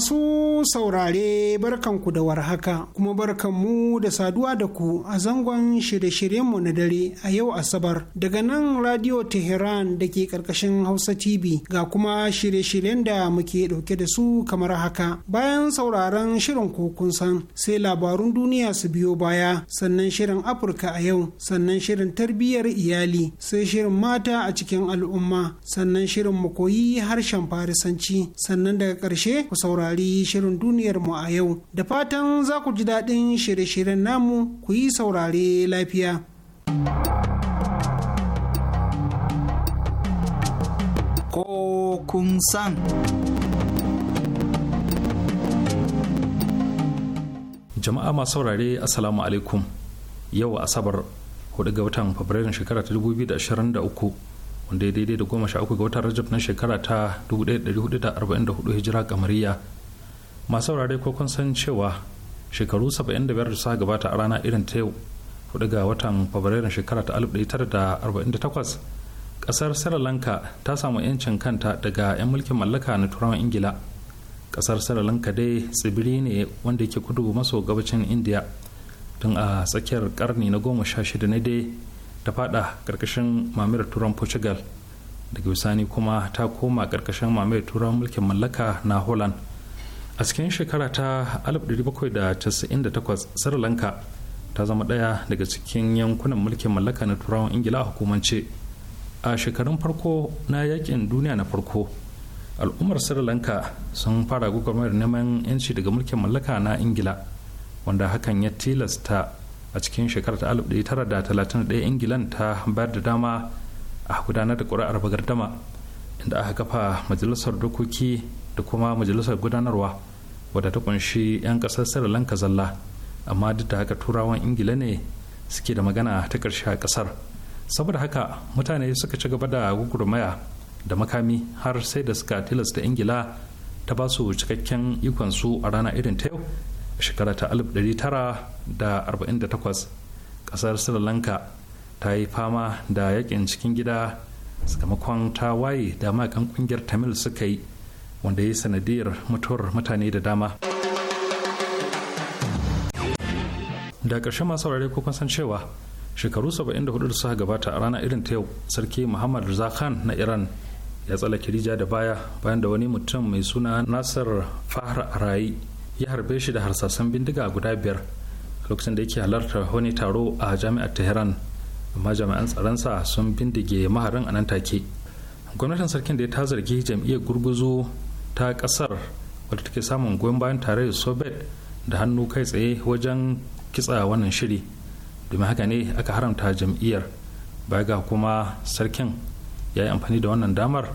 su saurare barkanku da warhaka kuma barkanmu da saduwa da ku a zangon shirye-shiryenmu na dare a yau Asabar daga nan Radio Tehran da ke karkashin Hausa TV ga kuma shirye-shiryen da muke dauke da su kamar haka. Bayan sauraron shirin kokun san sai labarun duniya su biyo baya sannan shirin Afirka a yau sannan shirin tarbiyyar iyali sai shirin mata a cikin al'umma sannan shirin makoyi harshen Farisanci sannan daga ƙarshe ku saurari shirin shirin mu a yau da fatan za ku ji daɗin shirye-shiryen namu ku yi saurare lafiya. Ko kun san. Jama'a masu saurare Assalamu alaikum yau Asabar 4 ga watan Fabrairun shekara ta 2023. wanda ya daidai da goma sha uku ga watan rajab na shekara ta 1444 hijira kamariya masu saurare ko kun san cewa shekaru 75 da suka gabata a rana irin ta yau hudu ga watan fabrairun shekara ta 1948 kasar sri lanka ta samu 'yancin kanta daga 'yan mulkin mallaka na turawan ingila kasar sri lanka dai tsibiri ne wanda yake kudu maso gabacin indiya tun a tsakiyar karni na goma sha shida ne dai ta fada karkashin mamayar turan portugal daga bisani kuma ta koma karkashin mamayar turan mulkin mallaka na holland a cikin shekara ta 1798 sri lanka ta zama ɗaya daga cikin yankunan mulkin mallaka na turawan ingila a hukumance a shekarun farko na yakin duniya na farko al'ummar sri lanka sun fara gwagwarmayar neman yanci daga mulkin mallaka na ingila wanda hakan ya tilasta a cikin shekarar ta 1931 ingilan ta bayar da dama a gudanar da ƙuri'ar bagardama inda aka kafa majalisar dokoki da kuma majalisar gudanarwa wadda ta kunshi 'yan kasar sri lanka zalla amma duk da haka turawan ingila ne suke da magana ta karshe a kasar saboda haka mutane suka ci gaba da gugurmaya da makami har sai da suka tilasta ingila ta ba su cikakken ikon su a rana irin ta yau a shekara ta 1948 kasar sri lanka ta yi fama da yakin cikin gida sakamakon tawaye da makan kungiyar tamil suka yi wanda ya yi sanadiyar mutuwar mutane da dama da ƙarshe masu saurare ko san cewa shekaru 74 da suka gabata a rana irin ta yau sarki muhammad Rza na iran ya tsala kirija da baya bayan da wani mutum mai suna nasir fahar arayi ya harbe shi da harsasan bindiga guda biyar lokacin da yake halartar wani taro a jami'ar tehran amma jami'an tsaronsa sun bindige maharin a nan take gwamnatin sarkin da ya ta zargi jam'iyyar gurguzu ta kasar wadda take samun goyon bayan tare da sobet da hannu kai tsaye wajen kitsa wannan shiri domin haka ne aka haramta jam'iyyar baya ga kuma sarkin ya yi amfani da wannan damar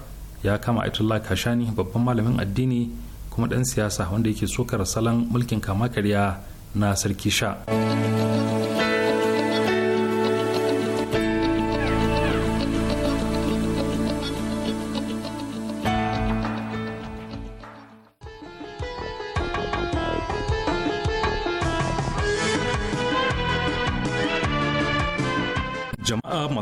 ya kama aitullah kashani babban malamin addini kuma dan siyasa wanda yake sokar salon mulkin kama karya na sarki sha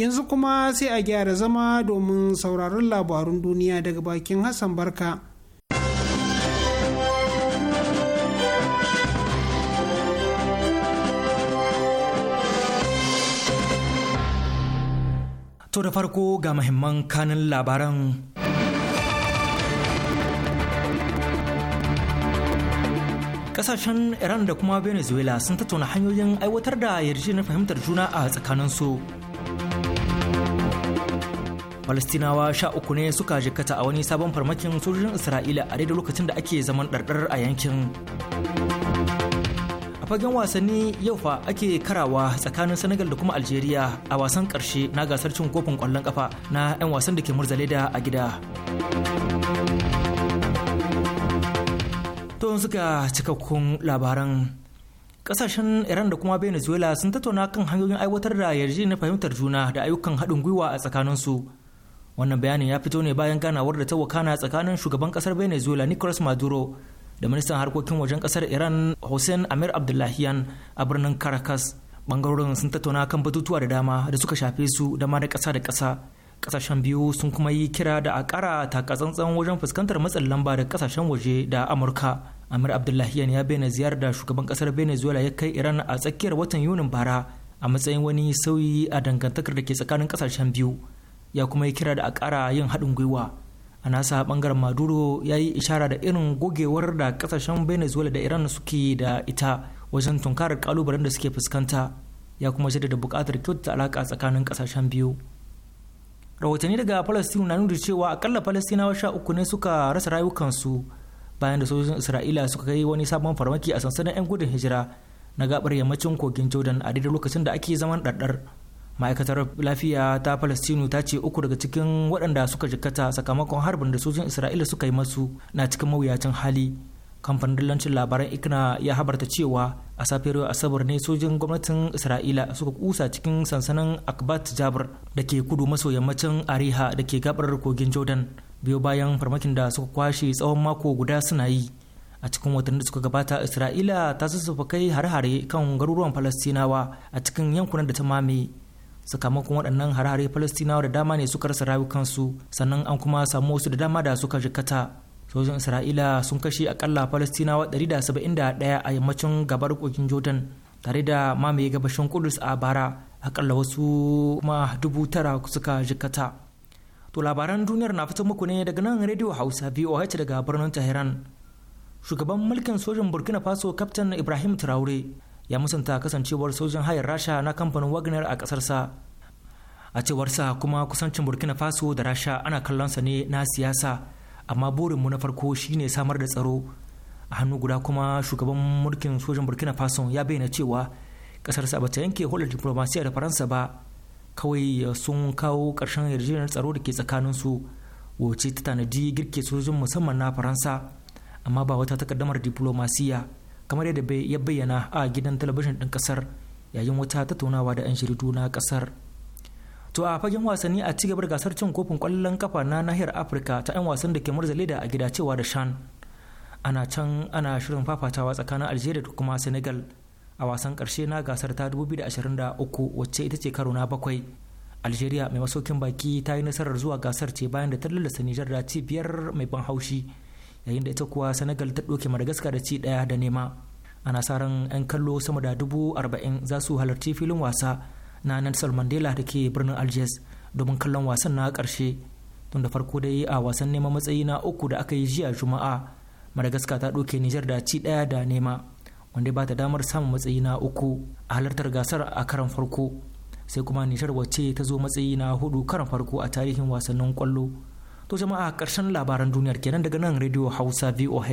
yanzu kuma sai a gyara zama domin sauraron labarun duniya daga bakin hassan barka To da farko ga mahimman kanin labaran. Kasashen Iran da kuma Venezuela sun tattauna hanyoyin aiwatar da yarjejeniyar fahimtar juna a tsakanin su. falastinawa sha uku ne suka jikkata a wani sabon farmakin sojojin isra'ila a daidai lokacin da ake zaman ɗarɗar a yankin a fagen wasanni yau fa ake karawa tsakanin senegal da kuma algeria a wasan ƙarshe na gasar cin kofin ƙwallon ƙafa na 'yan wasan da ke murzale da a gida to suka cikakkun labaran kasashen iran da kuma venezuela sun tattauna kan hanyoyin aiwatar da yarjejeniyar fahimtar juna da ayyukan haɗin gwiwa a tsakaninsu wannan bayanin ya fito ne bayan ganawar da ta wakana tsakanin shugaban kasar venezuela nicolas maduro da ministan harkokin wajen kasar iran hussein amir abdullahian a birnin caracas bangarorin sun tattauna kan batutuwa da dama da suka shafe su da ma da kasa da kasa kasashen biyu sun kuma yi kira da a kara takatsantsan wajen fuskantar matsin lamba da kasashen waje da amurka amir abdullahian ya bayyana ziyarar da shugaban kasar venezuela ya kai iran a tsakiyar watan yunin bara a matsayin wani sauyi a dangantakar da ke tsakanin kasashen biyu ya kuma yi kira da a ƙara yin haɗin gwiwa a nasa bangaren maduro ya yi ishara da irin gogewar da kasashen venezuela da iran suke da ita wajen tunkarar kalubalen da suke fuskanta ya kuma shaida da buƙatar kyautata alaƙa tsakanin ƙasashen biyu rahotanni daga palestine na nuna cewa akalla palestinawa sha uku ne suka rasa rayukansu bayan da sojojin isra'ila suka kai wani sabon farmaki a sansanin 'yan gudun hijira na gabar yammacin kogin jordan a daidai lokacin da ake zaman ɗarɗar ma'aikatar lafiya ta palestinu ta ce uku daga cikin waɗanda suka jikkata sakamakon harbin da sojin isra'ila suka yi masu na cikin mawuyacin hali kamfanin dillancin labaran ikna ya habarta cewa a safiyar asabar ne sojin gwamnatin isra'ila suka kusa cikin sansanin akbat jabar da ke kudu maso yammacin ariha da ke gabar kogin jordan biyo bayan farmakin da suka kwashe tsawon mako guda suna yi a cikin watanni da suka gabata isra'ila ta sassafa kai hare-hare kan garuruwan falastinawa a cikin yankunan da ta mamaye sakamakon waɗannan harare hare falastinawa da dama ne suka rasa rayukansu sannan an kuma samu wasu da dama da suka jikata sojin isra'ila sun kashe akalla falastinawa 171 a yammacin gabar kogin jordan tare da mamaye gabashin kudus a bara akalla wasu kuma dubu tara suka jikata to labaran duniyar na fito muku ne daga nan rediyo hausa voh daga birnin tehran shugaban mulkin sojin burkina faso kaftan ibrahim traore ya musanta kasancewar sojin hayar rasha na kamfanin wagner a kasarsa. a cewarsa kuma kusancin burkina faso da rasha ana kallonsa ne na siyasa amma burinmu na farko shine samar da tsaro a hannu guda kuma shugaban mulkin sojin burkina faso ya bayyana cewa ƙasarsa ba ta yanke hulɗar diplomasiya da faransa ba kawai sun kawo ƙarshen yarjejeniyar tsaro da ke tsakaninsu wace ta tanadi girke sojin musamman na faransa amma ba wata takaddamar diplomasiya kamar yadda ya bayyana a gidan talabijin ɗin ƙasar yayin wata tattaunawa da 'yan shiridu na ƙasar to a fagen wasanni a ci da gasar cin kofin ƙwallon kafa na nahiyar afirka ta 'yan wasan da ke murza leda a gida cewa da shan ana can ana shirin fafatawa tsakanin algeria da kuma senegal a wasan karshe na gasar ta 2023 wacce ita ce karo na bakwai algeria mai masaukin baki ta yi nasarar zuwa gasar ce bayan da ta lallasa nijar da cibiyar mai ban haushi yayin da ita kuwa senegal ta ɗauke madagascar da ci ɗaya da nema ana sa ran 'yan kallo sama da dubu arba'in za su halarci filin wasa na nelson mandela da ke birnin algiers domin kallon wasan na karshe tun da farko dai a wasan neman matsayi na uku da aka yi jiya juma'a madagascar ta ɗauke nijar da ci daya da nema wanda ba ta damar samun matsayi na uku a halartar gasar a karan farko sai kuma nijar wacce ta zo matsayi na hudu karan farko a tarihin wasannin kwallo to jama'a karshen labaran duniyar kenan daga nan radio hausa voh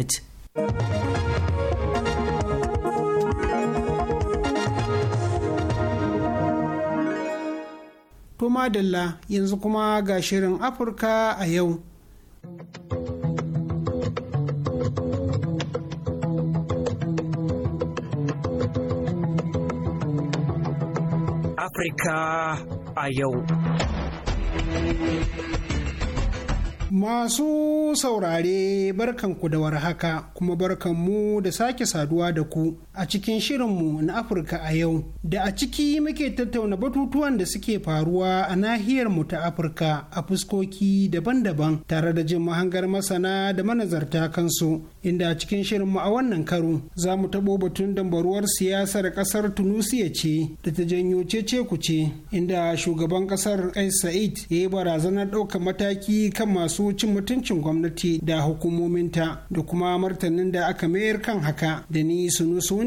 To madalla yanzu kuma ga shirin Afirka a yau. Afirka a yau. Masu saurare barkanku da warhaka kuma barkanmu da sake saduwa da ku a cikin shirinmu na Afirka a yau da a ciki muke tattauna batutuwan da suke faruwa a nahiyar mu ta Afirka a fuskoki daban-daban tare da jin mahangar masana da manazarta kansu inda a cikin shirinmu a wannan karo za mu taɓo batun dambaruwar siyasar ƙasar Tunusiya ce da ta janyo cece ce, inda shugaban ƙasar Kais Sa'id ya yi barazanar ɗaukar mataki kan masu cin mutuncin gwamnati da hukumominta da kuma martanin da aka mayar kan haka da ni sunusu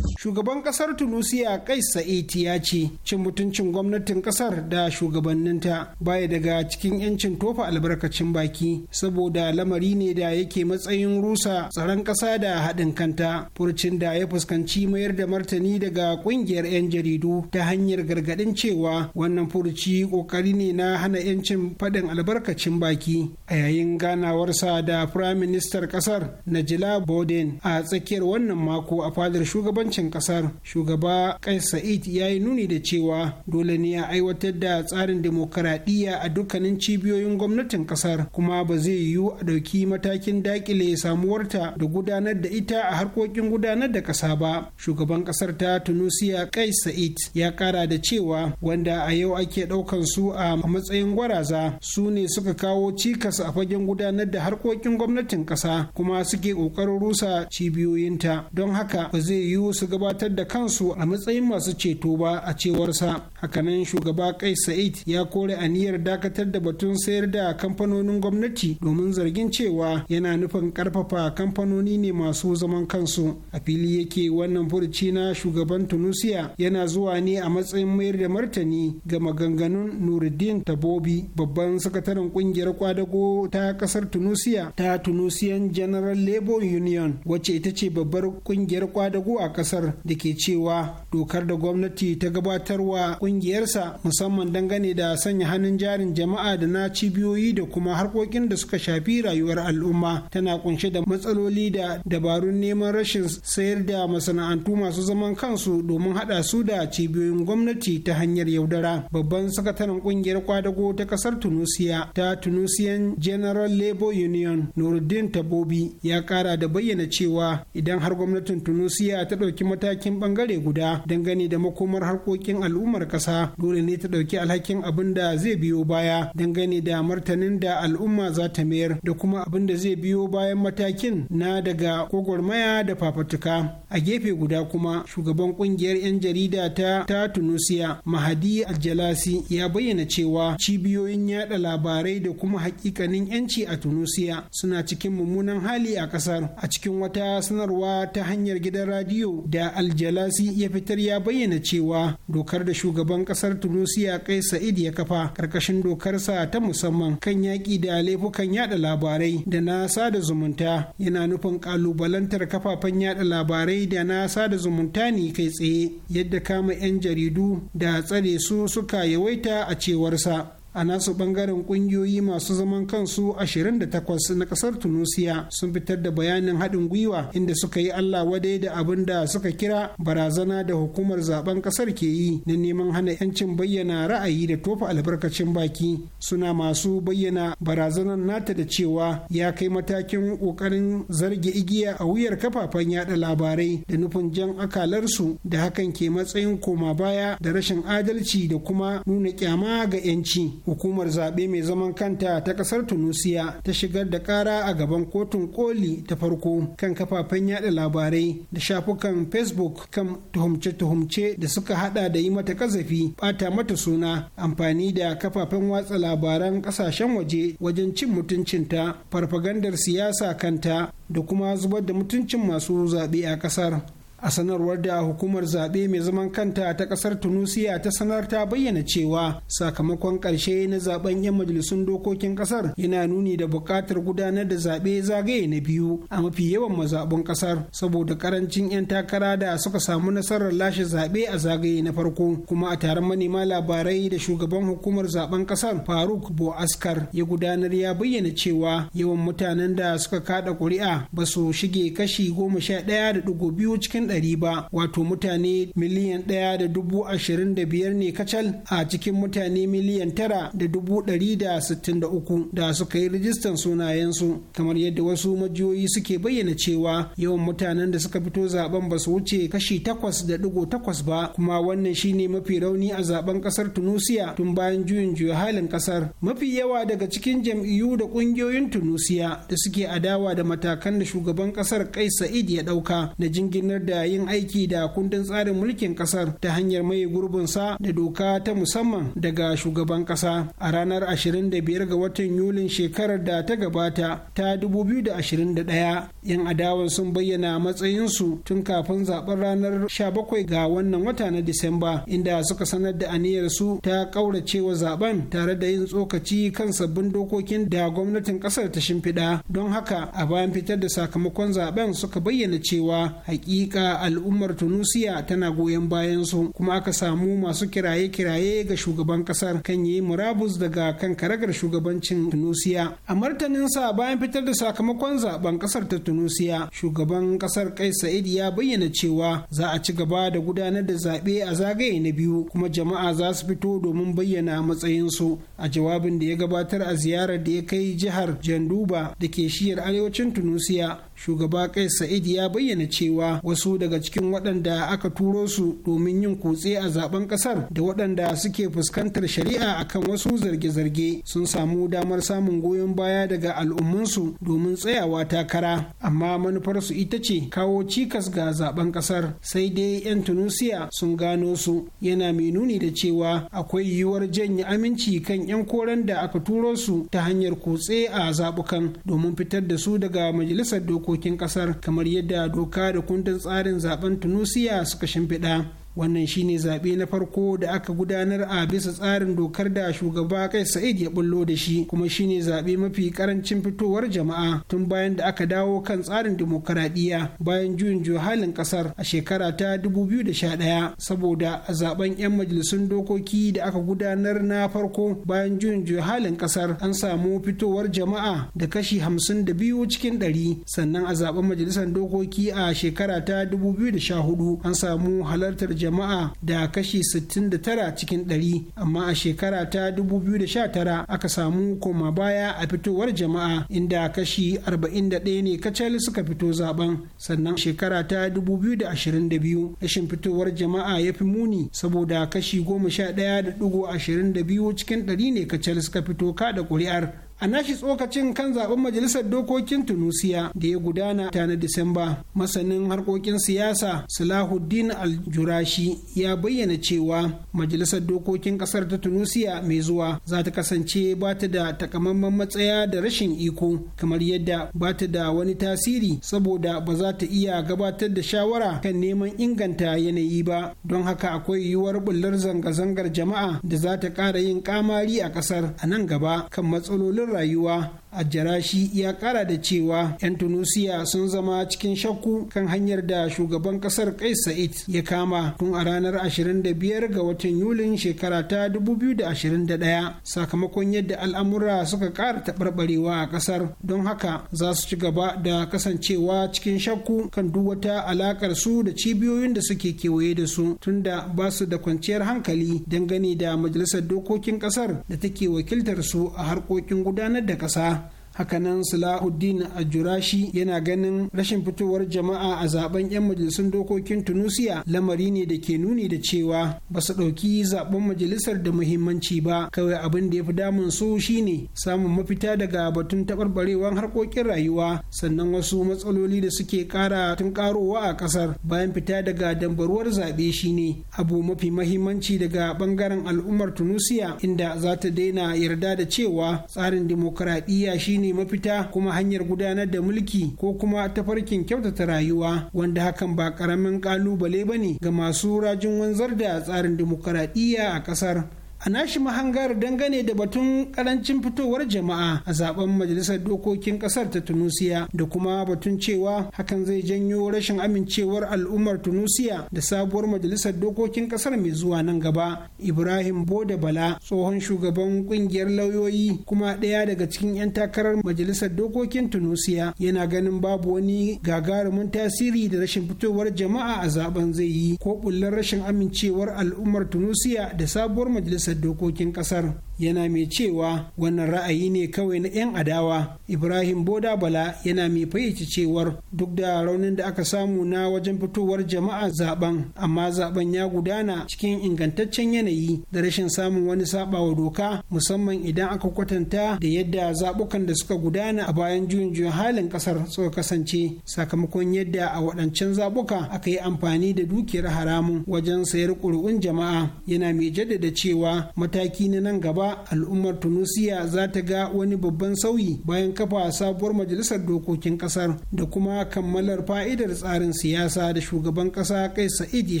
shugaban kasar tunisia kais sa'id ya ce cin mutuncin gwamnatin kasar da shugabanninta baya daga cikin 'yancin tofa albarkacin baki saboda lamari ne da yake matsayin rusa tsaron kasa da haɗin kanta furcin da ya fuskanci mayar da martani daga ƙungiyar 'yan jaridu ta hanyar gargaɗin cewa wannan furci ƙoƙari ne na hana 'yancin faɗin albarkacin baki a yayin ganawarsa da firaministan kasar najila boden a tsakiyar wannan mako a fadar shugabancin Ƙasar kasar shugaba kai sa'id ya yi nuni da cewa dole ne a aiwatar da tsarin demokaradiyya a dukkanin cibiyoyin gwamnatin kasar kuma ba zai yiwu a ɗauki matakin dakile samuwarta da gudanar da ita a harkokin gudanar da ƙasa ba shugaban ƙasar ta tunisia kai sa'id ya ƙara da cewa wanda a yau ake ɗaukan su a matsayin gwaraza su ne suka kawo cikas a fagen gudanar da harkokin gwamnatin ƙasa kuma suke ƙoƙarin rusa cibiyoyinta don haka ba zai yiwu su gabatar da kansu a matsayin masu ceto ba a cewarsa hakanan shugaba kai sa'id ya kore aniyar dakatar da batun sayar da kamfanonin gwamnati domin zargin cewa yana nufin karfafa kamfanoni ne masu zaman kansu a fili yake wannan furuci na shugaban tunusiya yana zuwa ne a matsayin mayar da martani ga maganganun nuruddin tabobi babban sakataren kungiyar kwadago ta kasar tunusiya ta tunusiyan general labor union wacce ita ce babbar kungiyar kwadago a kasar da ke cewa dokar da gwamnati ta gabatarwa kungiyarsa musamman dangane da sanya hannun jarin jama'a da na cibiyoyi da kuma harkokin da suka shafi rayuwar al'umma tana kunshe da matsaloli da dabarun neman rashin sayar da masana'antu masu zaman kansu domin hada su da cibiyoyin gwamnati ta hanyar yaudara babban sakataren kungiyar kwadago ta kasar tunusiya ta tunisian general labor union nuruddin tabobi ya kara da bayyana cewa idan har gwamnatin tunusiya ta ɗauki matakin bangare guda dangane da makomar harkokin al'ummar kasa. dole ne ta ɗauki alhakin abin da zai biyo baya dangane da martanin da al'umma za ta mayar da kuma abin da zai biyo bayan matakin na daga gwagwarmaya da fafatuka a gefe guda kuma shugaban kungiyar 'yan jarida ta ta tunusiya mahadi aljalasi ya bayyana cewa cibiyoyin yada labarai da kuma hakikanin 'yanci a tunusiya. suna cikin mummunan hali a kasar a cikin wata sanarwa ta hanyar gidan radiyo da da aljalasi ya fitar ya bayyana cewa dokar da shugaban kasar tunisia kai sa'id ya kafa karkashin dokarsa ta musamman kan yaƙi da laifukan yada labarai da na sada zumunta yana nufin kalubalantar kafafen yada labarai da na sada zumunta ne kai tsaye yadda kama 'yan jaridu da tsare su suka yawaita a cewarsa a nasu bangaren kungiyoyi masu zaman kansu 28 na kasar tunisia sun fitar da bayanin haɗin gwiwa inda suka yi allah wadai da abin da suka kira barazana da hukumar zaben kasar ke yi na neman hana 'yancin bayyana ra'ayi da tofa albarkacin baki suna masu bayyana barazanar nata da cewa ya kai matakin ƙoƙarin zarge igiya a wuyar kafafen yada labarai da nufin jan akalarsu da hakan ke matsayin koma baya da rashin adalci da kuma nuna kyama ga 'yanci hukumar zaɓe mai zaman kanta ta ƙasar tunisia ta shigar da ƙara a gaban kotun koli ta farko kan kafafen yada labarai da shafukan facebook kan tuhumce-tuhumce da suka hada da yi mata kazafi bata mata suna amfani da kafafen watsa labaran ƙasashen waje wajen cin mutuncinta farfagandar siyasa kanta da kuma zubar da mutuncin masu zaɓe a ƙasar a sanarwar da hukumar zaɓe mai zaman kanta ta ƙasar tunisia ta sanar ta bayyana cewa sakamakon ƙarshe na zaɓen 'yan majalisun dokokin ƙasar yana nuni da buƙatar gudanar da zaɓe zagaye na biyu a mafi yawan mazaɓun ƙasar saboda ƙarancin 'yan takara da suka samu nasarar lashe zaɓe a zagaye na farko kuma a taron manema labarai da shugaban hukumar zaɓen ƙasar faruk Askar ya gudanar ya bayyana cewa yawan mutanen da suka kaɗa ƙuri'a ba su shige kashi goma sha ɗaya da ɗigo biyu cikin ɗari ba wato mutane miliyan ɗaya da dubu ashirin da biyar ne kacal a cikin mutane miliyan tara da dubu ɗari da sittin da uku da suka yi rijistan sunayensu kamar yadda wasu majiyoyi suke bayyana cewa yawan mutanen da suka fito zaben ba su wuce kashi takwas da digo takwas ba kuma wannan shine mafi rauni a zaben ƙasar tunusiya tun bayan juyin juya halin ƙasar. mafi yawa daga cikin jam'iyyu da ƙungiyoyin tunusiya da suke adawa da matakan da shugaban ƙasar kai sa'id ya ɗauka. na jinginar da yin aiki da kundin tsarin mulkin kasar ta hanyar mai gurbinsa da doka ta musamman daga shugaban kasa a ranar 25 ga watan yulin shekarar da ta gabata ta 2021 yan adawan sun bayyana matsayinsu tun kafin zaben ranar 17 ga wannan wata na disamba inda suka sanar da su ta kauracewa zaben tare da yin tsokaci kan sabbin dokokin da gwamnatin kasar ta shimfiɗa don haka a bayan fitar da sakamakon zaben suka bayyana cewa hakika a al'ummar tunusiya tana goyon bayan su kuma aka samu masu kiraye-kiraye ga shugaban kasar kan yi murabus daga kan karagar shugabancin tunusiya a martanin sa bayan fitar da sakamakon zaben kasar ta tunusiya shugaban kasar kai sa'id ya bayyana cewa za a ci gaba da gudanar da zaɓe a zagaye na biyu kuma jama'a za su fito domin bayyana matsayin su a jawabin da ya gabatar a ziyarar da ya kai jihar janduba da ke shiyar arewacin tunusiya shugaba kai sa'id ya bayyana cewa wasu daga cikin waɗanda aka turo su domin yin kutse a zaben ƙasar da waɗanda suke fuskantar shari'a akan wasu zarge-zarge sun samu damar samun goyon baya daga al'ummansu domin tsayawa takara amma manufarsu ita ce kawo cikas ga zaben ƙasar sai dai 'yan tunisia sun gano su yana mai nuni da cewa akwai yiwuwar janye aminci kan 'yan koren da aka turo su ta hanyar kutse a zaɓukan domin fitar da su daga majalisar dokoki dokokin kasar kamar yadda doka da kundin tsarin zaben tunusiya suka shimfiɗa wannan shine zaɓe na farko da aka gudanar a bisa tsarin dokar da shugaba kai sa'id ya bullo da shi kuma shine zaɓe mafi karancin fitowar jama'a tun bayan da aka dawo kan tsarin dimokuraɗiyya bayan juyin halin ƙasar a shekara ta 2011 saboda a zaben 'yan majalisun dokoki da aka gudanar na farko bayan juyin halin ƙasar an samu fitowar jama'a da kashi 52 cikin 100 sannan a zaben majalisar dokoki a shekara ta 2014 an samu halartar jama'a da kashi 69 cikin 100 amma a shekara ta 2019 aka samu koma baya a fitowar jama'a inda kashi 41 ne kacal suka fito zaben sannan shekara ta 2022 rashin fitowar jama'a ya fi muni saboda kashi 11.22 cikin 100 ne kacal suka fito kada ƙuri'ar. a nashi tsokacin kan zaben majalisar dokokin tunusiya da ya gudana ta na disamba masanin harkokin siyasa salahuddin aljurashi ya bayyana cewa majalisar dokokin kasar ta tunusiya mai zuwa za ta kasance ba ta da takamaiman matsaya da rashin iko kamar yadda ba ta da wani tasiri saboda ba za ta iya gabatar da shawara kan neman inganta yanayi ba don haka akwai yiwuwar bullar zanga-zangar jama'a da za ta ƙara yin kamari a kasar a nan gaba kan matsalolin rayuwa a jarashi ya kara da cewa 'yan Tunusiya sun zama cikin shakku kan hanyar da shugaban kasar kai Sa'id ya kama tun a ranar 25 ga watan Yulin shekara ta 2021 sakamakon yadda al'amura suka kara taɓarɓarewa a kasar don haka za su ci gaba da kasancewa cikin shakku kan duk wata alaƙar su da cibiyoyin da suke kewaye da su tunda ba su da kwanciyar hankali dangane da majalisar dokokin kasar da take wakiltar su a harkokin gudanar da ƙasa. hakanan salahuddin jurashi yana ganin rashin fitowar jama'a a zaben 'yan majalisun dokokin tunusiya lamari ne da ke nuni da cewa ba su ɗauki zaben majalisar da muhimmanci ba kawai abin da ya fi damun su shine samun mafita daga batun taɓarɓarewar harkokin rayuwa sannan wasu matsaloli da suke ƙara tun ƙarowa a ƙasar bayan fita daga dambaruwar zaɓe shine abu mafi mahimmanci daga ɓangaren al'ummar tunusiya inda za ta daina yarda da cewa tsarin dimokuraɗiyya shine shine mafita kuma hanyar gudanar da mulki ko kuma tafarkin kyautata rayuwa wanda hakan ba karamin kalubale ne ga masu rajin wanzar da tsarin dimokuraɗiyya a ƙasar a nashi mahangar dangane da batun karancin fitowar jama'a a zaben majalisar dokokin kasar ta tunusiya da kuma batun cewa hakan zai janyo rashin amincewar al'ummar tunusiya da sabuwar majalisar dokokin kasar mai zuwa nan gaba ibrahim boda bala tsohon shugaban kungiyar lauyoyi kuma ɗaya daga cikin 'yan takarar majalisar dokokin tunusiya yana ganin babu wani gagarumin tasiri da rashin fitowar jama'a a zaben zai yi ko bullar rashin amincewar al'ummar tunusiya da sabuwar majalisar majalisar dokokin kasar yana mai cewa wannan ra'ayi ne kawai na 'yan adawa ibrahim boda bala yana mai fayyace cewar duk da raunin da aka samu na wajen fitowar jama'a zaben amma zaben ya gudana cikin ingantaccen yanayi da rashin samun wani wa doka musamman idan aka kwatanta da yadda zabukan da suka gudana a bayan juyin juyin halin kasar suka kasance sakamakon yadda a waɗancan zabuka aka yi amfani da dukiyar haramun wajen sayar ƙuri'un jama'a yana mai jaddada cewa mataki na nan gaba al'ummar tunisia za ta ga wani babban sauyi bayan kafa sabuwar majalisar dokokin kasar da kuma kammalar fa'idar tsarin siyasa da shugaban kasa kai sa'id ya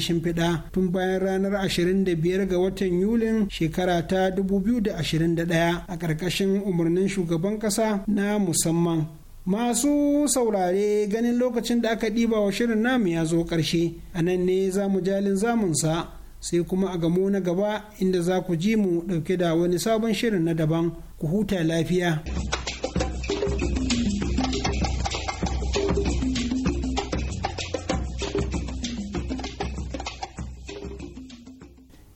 shimfiɗa tun bayan ranar 25 ga watan yulin shekara ta 2021 a ƙarƙashin umarnin shugaban kasa na musamman masu saurare ganin lokacin da aka ɗiba wa shirin namu ya zo ƙarshe a nan ne za mu jalin zamunsa sai kuma a gamo na gaba inda za ku ji mu ɗauke da wani sabon shirin na daban ku huta lafiya.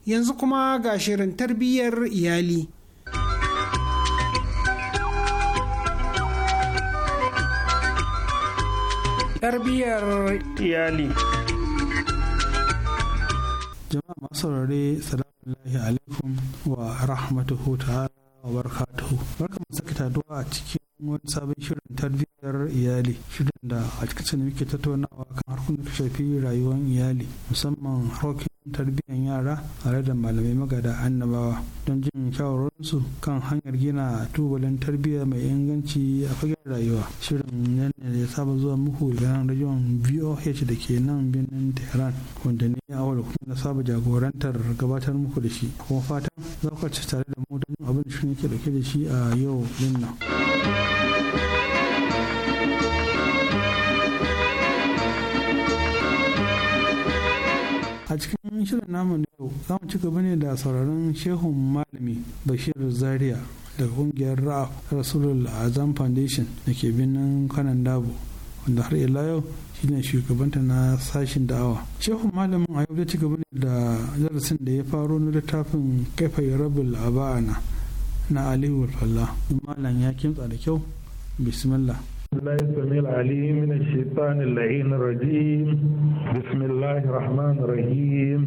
Yanzu kuma ga shirin tarbiyyar iyali. Tarbiyyar iyali. jama'a masu saurare salamu alaikum wa rahmatuhu ta'ala wa barakatuhu barka mu saki taduwa a cikin wani sabon shirin tarbiyyar iyali shirin da a cikin muke tattaunawa kan harkokin da shafi rayuwar iyali musamman harkokin tarbiyyar yara tare da malamai magada annabawa don jin shawararsu kan hanyar gina tubalin tarbiyya mai inganci a fagen rayuwa shirin yana da saba zuwa muku daga nan rajon voh da ke nan birnin tehran wanda ne ya wadda kuma na saba jagorantar gabatar muku da shi kuma fatan za ku ci tare da mu don abin da shi ne ke dauke da shi a yau din nan. a cikin shirin namu na yau za mu ci gaba ne da sauraron shehun malami bashir zaria daga kungiyar ra'a rasulul azam foundation da ke birnin kanan dabo wanda har ila yau shine shugabanta na sashin da'awa shehun malamin a yau da ci gaba ne da darasin da ya faro na littafin kafa rabul abana na aliyu walfalla malam ya kimtsa da kyau bismillah الله السميع العليم من الشيطان اللعين الرجيم بسم الله الرحمن الرحيم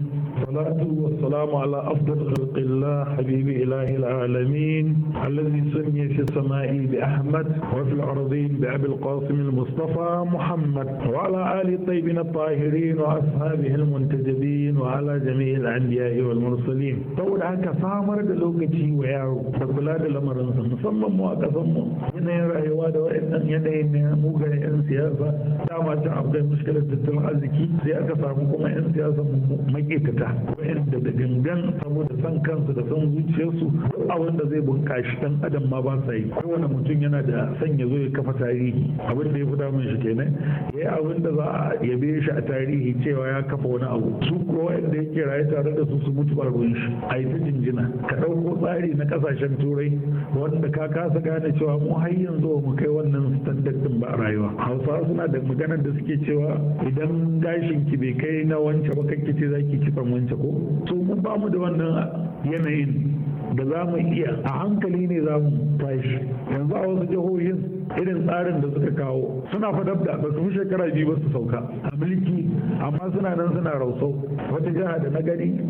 صلاة والسلام على أفضل الله حبيب إله العالمين الذي سمي في السماء بأحمد وفي الأرضين بأبي القاسم المصطفى محمد وعلى آل الطيبين الطاهرين وأصحابه المنتدبين وعلى جميع الأنبياء والمرسلين طول عنك سامر دلوكتي وياو فقلا دلمر نصمم مواقع صمم هنا يرى يواد وإنن يدعي موقع سياسة دعما تعبد مشكلة تلعزكي سياسة سامكم إن سياسة مجيكتا وإن دلوكتا سامو دلوكتا kansu da son zuciyarsu a wanda zai bunkashi. dan adam ma ba sa yi kowane mutum yana da son ya zo ya kafa tarihi abin da ya fi damun shi kenan ya yi abin da za a yabe shi a tarihi cewa ya kafa wani abu su ko wanda yake raye tare da su su mutu ba ruwan shi a yi ta jinjina ka ɗauko tsari na ƙasashen turai wanda ka kasa gane cewa mu har yanzu mu kai wannan standard din ba a rayuwa hausawa suna da maganar da suke cewa idan gashin ki bai kai na wance ba kake ce zaki kifan wance ko to mu ba mu da wannan yanayin da za mu iya a hankali ne za mu tashi yanzu a wasu jihohin irin tsarin da suka kawo suna fadab da ba su fi shekara biyu ba su sauka a mulki amma suna nan suna rausau wata jiha da na gani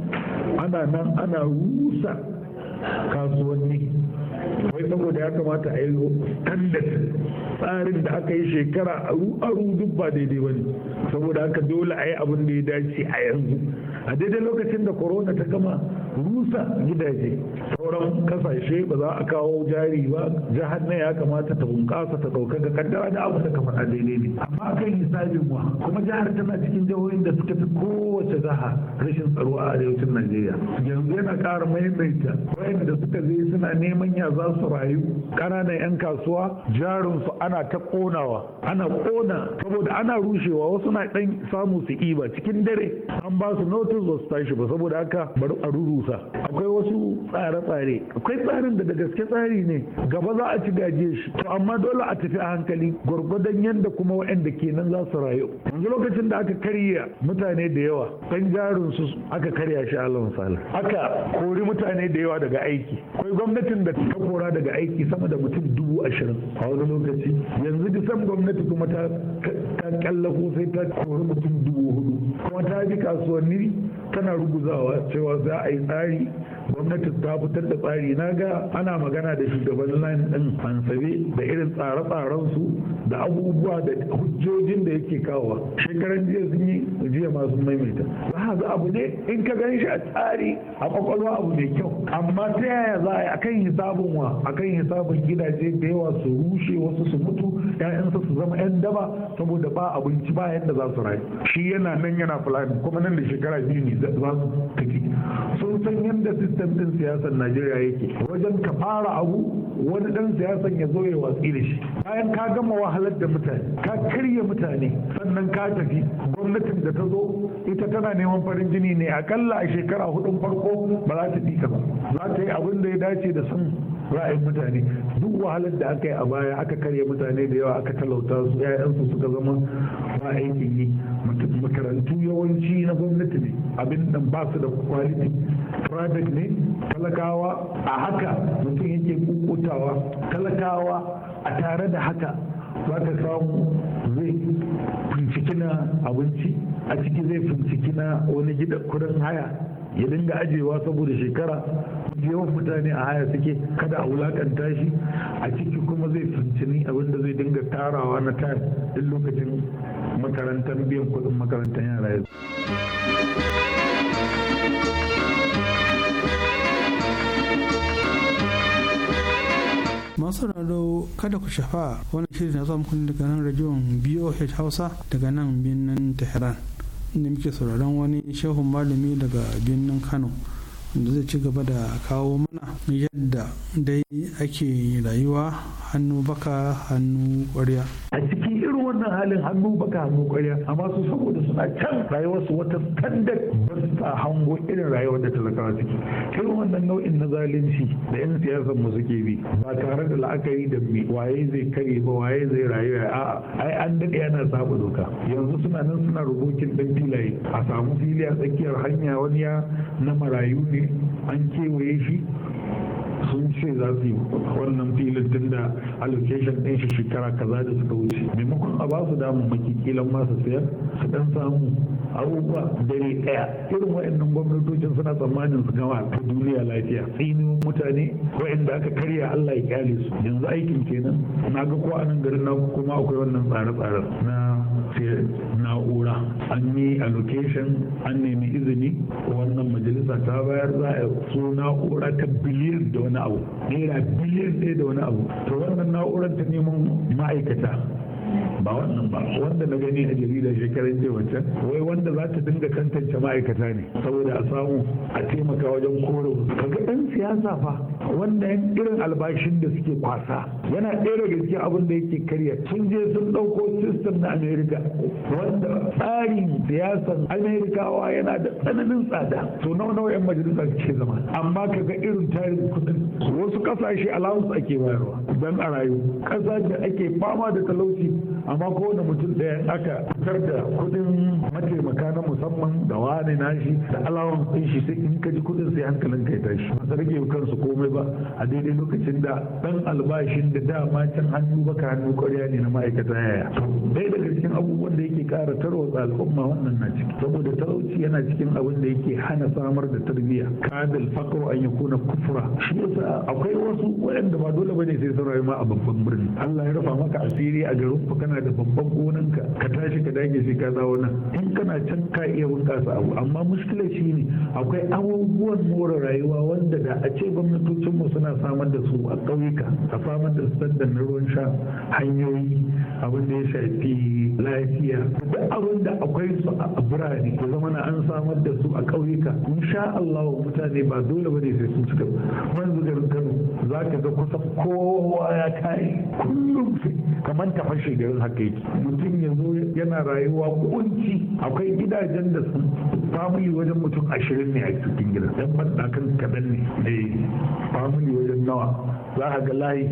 ana nan ana rusa kasuwanni wai saboda ya kamata a yi standard tsarin da aka yi shekara a duk ba daidai ba ne saboda haka dole a yi abin da ya dace a yanzu a daidai lokacin da corona ta gama rusa gidaje sauran kasashe ba za a kawo jari ba jihar na ya kamata ta bunƙasa ta ɗauka ga kaddara da abu da kamar faɗa daidai ne amma kan hisabin wa kuma jihar tana cikin jihohin da suka fi kowace jiha rashin tsaro a arewacin najeriya yanzu yana ƙara maimaita wayanda suka je suna neman ya za su rayu ƙananan 'yan kasuwa jarinsu ana ta ƙonawa ana ƙona saboda ana rushewa wasu na ɗan samu su iba cikin dare an ba su notice ba saboda haka bari a rurrusa sa akwai wasu tsare-tsare akwai tsarin da da gaske tsari ne gaba za a ci gaje shi to amma dole a tafi a hankali gwargwadon yadda kuma waɗanda kenan za su rayu yanzu lokacin da aka karya mutane da yawa kan jarin su aka karya shi Allah sala aka kori mutane da yawa daga aiki akwai gwamnatin da ta kora daga aiki sama da mutum dubu ashirin a wani lokaci yanzu disan gwamnati kuma ta kallafo sai ta kori mutum dubu hudu kuma ta bi kasuwanni tana ruguzawa cewa za a yi tsari الأشاعري gwamnati ta fitar da tsari na ga ana magana da shugaban line din hansabe da irin tsare-tsaren su da abubuwa da hujjojin da yake kawowa shekaran jiya sun yi jiya masu maimaita za ga abu ne in ka gan shi a tsari a kwakwalwa abu mai kyau amma ta yaya za a yi akan hisabin wa akan hisabin gidaje da yawa su rushe wasu su mutu 'ya'yansa su zama 'yan daba saboda ba abinci ba yadda za su rayu shi yana nan yana fulani kuma nan da shekara biyu ne za su tafi sun san yadda system wajen din siyasar najeriya yake wajen ka fara abu wani ɗan siyasan ya zo ya watsi da shi bayan ka gama wahalar da mutane ka karya mutane sannan ka tafi gwamnatin da ta zo ita tana neman farin jini ne akalla a shekara hudun farko ba za ta fi ka ba za ta yi abin da ya dace da san ra'ayin mutane duk wahalar da aka yi a baya aka karya mutane da yawa aka talauta su yayansu suka zama ba yi makarantu yawanci na gwamnati ne abin nan ba su da kwaliti private ne talakawa a haka mutum yake kukutawa talakawa a tare da haka za ka samu zai binciki abinci a ciki zai finciki na wani gidan kudin haya ya dinga ajiyewa saboda shekara yawan mutane a haya suke kada a wulakanta shi a ciki kuma zai tuntuni abinda zai dinga tarawa na time duk lokacin makarantar biyan kudin makarantar yara ya masu rado kada ku shafa wani shirin na zuwa muku daga nan rajiyon boh hausa daga nan birnin tehran ne muke sauraron wani shehun malami daga birnin kano da zai ci gaba da kawo mana yadda dai ake rayuwa hannu baka hannu ƙwarya. a cikin irin wannan halin hannu baka hannu ƙwarya amma su saboda suna can rayuwarsu wata standard ta hango irin rayuwar da talakawa ciki irin wannan nau'in na zalunci da yan siyasar mu suke bi ba tare da la'akari da me waye zai kare ba waye zai rayu a'a ai an daɗe yana saba doka yanzu suna nan suna rubokin dan filaye a samu fili a tsakiyar hanya wani ya na marayu ne ne an kewaye shi sun ce za su yi wannan filin tun da allocation ɗin shi shekara kaza da suka wuce maimakon a ba su damun makikilan masu sayar su dan samu abubuwa dare ɗaya irin wa'annan gwamnatocin suna tsammanin su gama ta duniya lafiya ne mutane wa'anda aka karya Allah ya kyale su yanzu aikin kenan na ga ko anan garin na kuma akwai wannan tsare-tsaren na na'ura an yi allocation an nemi izini wannan amsa ta bayar za a so na'ura ta biliyan da wani abu naira biliyan ɗaya da wani abu to wannan na'urar ta neman ma'aikata ba wannan ba wanda na gani a jaridar shekaran ce wancan wai wanda za ta dinga tantance ma'aikata ne saboda a samu a taimaka wajen kore kaga ɗan siyasa fa wannan irin albashin da suke kwasa yana ɗaya daga cikin abin da yake karya sun je sun ɗauko sistem na amerika wanda tsarin siyasan amerikawa yana da tsananin tsada to nawa nawa yan majalisa ke zama amma kaga irin tarin kudin wasu kasashe alawus ake bayarwa don a rayu ƙasa da ake fama da talauci amma kowane mutum ɗaya aka fitar da kuɗin mataimaka na musamman da wani nashi da alawan ɗin shi sai in ka ji kuɗin sai hankalin ka ya tashi ba rage kansu komai ba a daidai lokacin da ɗan albashin da dama can hannu baka hannu ƙwarya ne na ma'aikata yaya ɗaya daga cikin abubuwan da yake ƙara tarwatsa al'umma wannan na ciki saboda talauci yana cikin abin da yake hana samar da tarbiyya kadal fakro an yakuna kufura. shi yasa akwai wasu waɗanda ba dole bane sai sun rayu ma a babban birni Allah ya rufa maka asiri a garin kana kana da babban gonanka ka tashi ka dage sai ka dawo nan in kana can ka iya bunƙasa abu amma muskila shi ne akwai abubuwan more rayuwa wanda da a ce gwamnatocinmu suna samar da su a ƙauyuka a samar da su na ruwan sha hanyoyi abin da ya shafi lafiya duk abin da akwai su a birane ko zama na an samar da su a ƙauyuka insha Allah mutane ba dole bane sai sun cika wani zugarin Kano za ka ga kusa kowa ya tayi kullum kamar tafashe garin haka yake mutum ya yana rayuwa kunci akwai gidajen da su famili wajen mutum ashirin ne a cikin gidan yan ban kadan ne eh, famili wajen nawa za a ga layi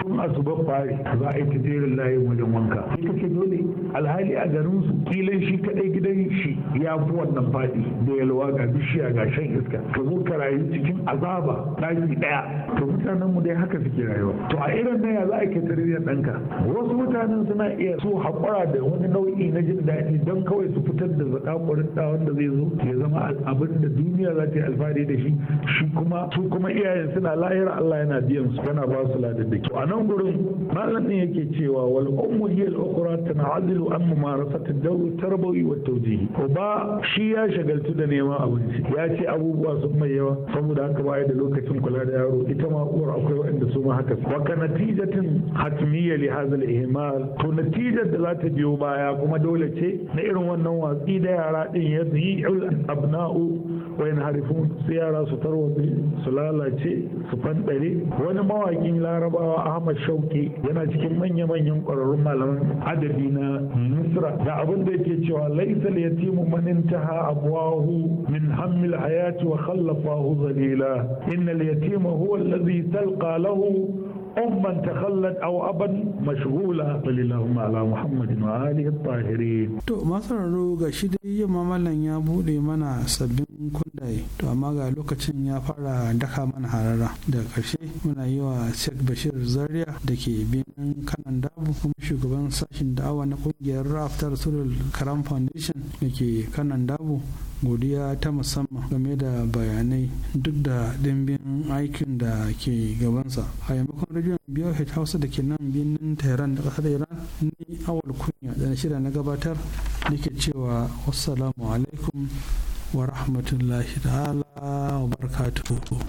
tun asuba fari za a yi ta jerin layin wajen wanka sai ce dole alhali a garin su kilan shi kadai gidan shi ya fi wannan fadi da yalwa ga bishiya ga shan iska to ka rayu cikin azaba ɗaki ɗaya to mutanen mu dai haka suke rayuwa to a irin na ya za a ke tarbiyyar danka wasu mutanen suna iya so haƙura da wani nau'i na jin daɗi don kawai su fitar da zakakurin da wanda zai zo ya zama abin da duniya za ta yi alfahari da shi shi kuma su kuma iyayen suna lahira Allah yana biyan su yana ba su ladar da a nan gurin malam din yake cewa wal ummu hiya al ukhra tan'azilu an mumarasat ad-dawr wa tawjihi uba shi ya shagaltu da neman abinci ya ce abubuwa sun mai yawa saboda haka baya da lokacin kula da yaro ita ma uwar akwai waɗanda su ma haka wa ka natijatin hatmiyya li hadha al ihmal to natijar da za ta biyo baya kuma dole ce na irin wannan watsi da yara din ya yi abna'u wa yanharifun sai yara su tarwabe su lalace su fandare wani ma mawakin larabawa ahmad shauki yana cikin manya-manyan kwararrun malaman adabi na misra da abin da yake cewa laisa yatimu man intaha abwahu min hammil hayati wa khallafahu zalila innal yatima huwa alladhi talqa lahu أما تخلت أو أبا مشغولة فللهم على محمد وآله الطاهرين to masu raro ga shi dai yin mamalan ya buɗe mana sabbin kundaye to amma ga lokacin ya fara daka mana harara da karshe muna yi wa Sheikh Bashir Zaria da ke binin kanan dabu kuma shugaban sashen da'awa na kungiyar Raftar Sulul Karam Foundation da ke kanan dabu godiya ta musamman game da bayanai duk da dimbin aikin da ke gabansa a yammakon rajiyon biyar hausa da ke nan birnin tehran da kasar iran ni awal kunya da na shida na gabatar nake cewa wassalamu alaikum wa rahmatullahi ta'ala wa barakatuhu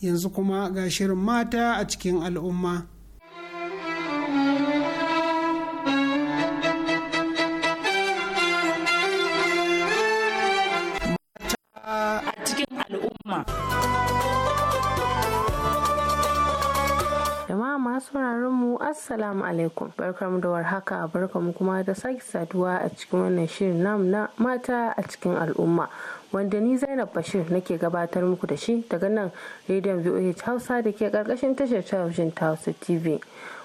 yanzu kuma ga shirin mata a cikin al'umma. a cikin al'umma. mu Assalamu alaikum. Barkamu da warhaka, barkamu kuma da sake saduwa a cikin wannan shirin namu na mata a cikin al'umma. wanda ni Zainab Bashir nake gabatar muku da shi daga nan rediyon VOH Hausa da ke karkashin tashar talabijin ta Hausa TV